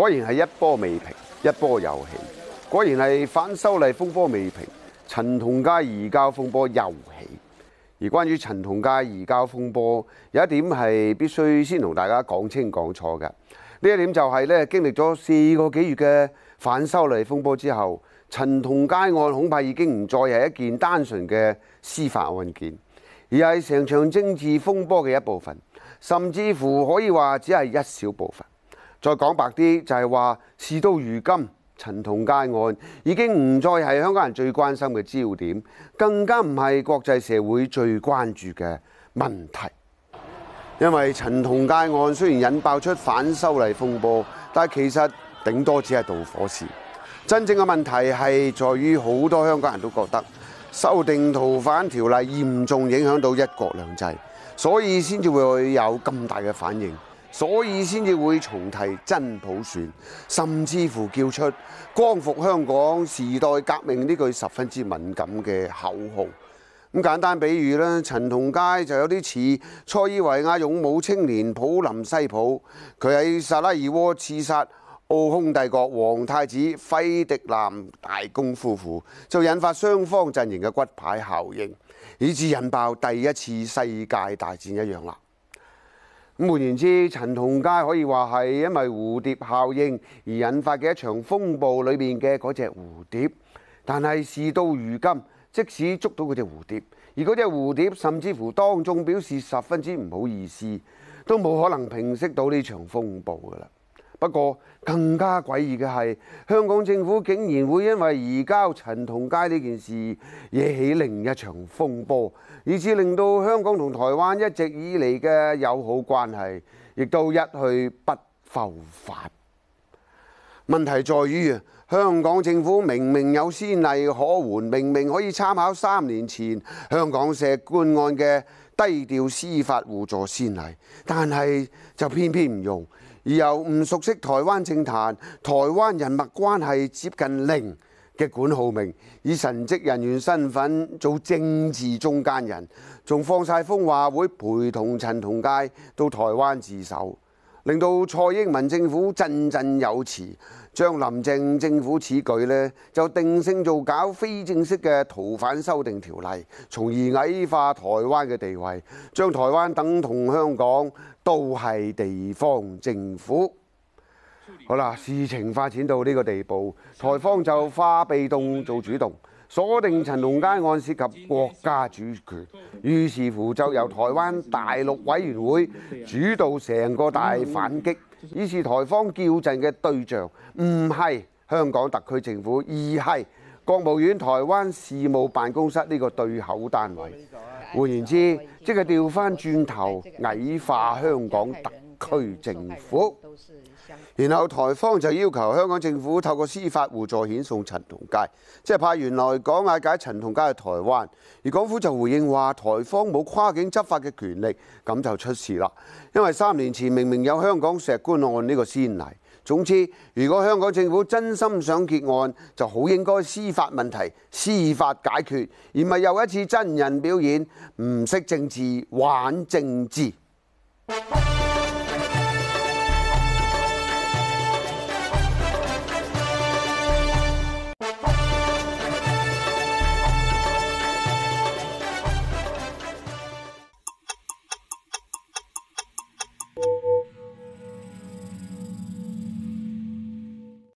果然係一波未平一波又起，果然係反修例風波未平，陳同佳移交風波又起。而關於陳同佳移交風波，有一點係必須先同大家講清講錯嘅。呢一點就係咧，經歷咗四個幾月嘅反修例風波之後，陳同佳案恐怕已經唔再係一件單純嘅司法案件，而係成場政治風波嘅一部分，甚至乎可以話只係一小部分。再講白啲，就係話，事到如今，陳同佳案已經唔再係香港人最關心嘅焦點，更加唔係國際社會最關注嘅問題。因為陳同佳案雖然引爆出反修例風波，但其實頂多只係導火線。真正嘅問題係在於好多香港人都覺得修訂逃犯條例嚴重影響到一國兩制，所以先至會有咁大嘅反應。所以先至會重提真普選，甚至乎叫出光復香港、時代革命呢句十分之敏感嘅口號。咁簡單比喻啦，陳同佳就有啲似塞爾維亞勇武青年普林西普，佢喺薩拉熱窩刺殺奧匈帝國皇太子費迪南大公夫婦，就引發雙方陣營嘅骨牌效應，以致引爆第一次世界大戰一樣啦。換言之，陳同佳可以話係因為蝴蝶效應而引發嘅一場風暴裏面嘅嗰隻蝴蝶，但係事到如今，即使捉到嗰隻蝴蝶，而嗰隻蝴蝶甚至乎當眾表示十分之唔好意思，都冇可能平息到呢場風暴㗎啦。不過更加詭異嘅係，香港政府竟然會因為移交陳同佳呢件事惹起另一場風波，以致令到香港同台灣一直以嚟嘅友好關係，亦都一去不復返。問題在於，香港政府明明有先例可援，明明可以參考三年前香港石棺案嘅低調司法互助先例，但係就偏偏唔用。而又唔熟悉台灣政壇，台灣人脈關係接近零嘅管浩明，以神職人員身份做政治中間人，仲放晒風話會陪同陳同佳到台灣自首。令到蔡英文政府振振有詞，將林鄭政府此舉呢就定性做搞非正式嘅逃犯修訂條例，從而矮化台灣嘅地位，將台灣等同香港，都係地方政府。好啦，事情發展到呢個地步，台方就化被動做主動。鎖定陳同佳案涉及國家主權，於是乎就由台灣大陸委員會主導成個大反擊。於是台方叫陣嘅對象唔係香港特區政府，而係國務院台灣事務辦公室呢個對口單位。換言之，即係調返轉頭，矮化香港特區政府，然後台方就要求香港政府透過司法互助遣送陳同佳，即係派員來港押解陳同佳去台灣。而港府就回應話，台方冇跨境執法嘅權力，咁就出事啦。因為三年前明明有香港石棺案呢個先例，總之如果香港政府真心想結案，就好應該司法問題司法解決，而唔係又一次真人表演，唔識政治玩政治。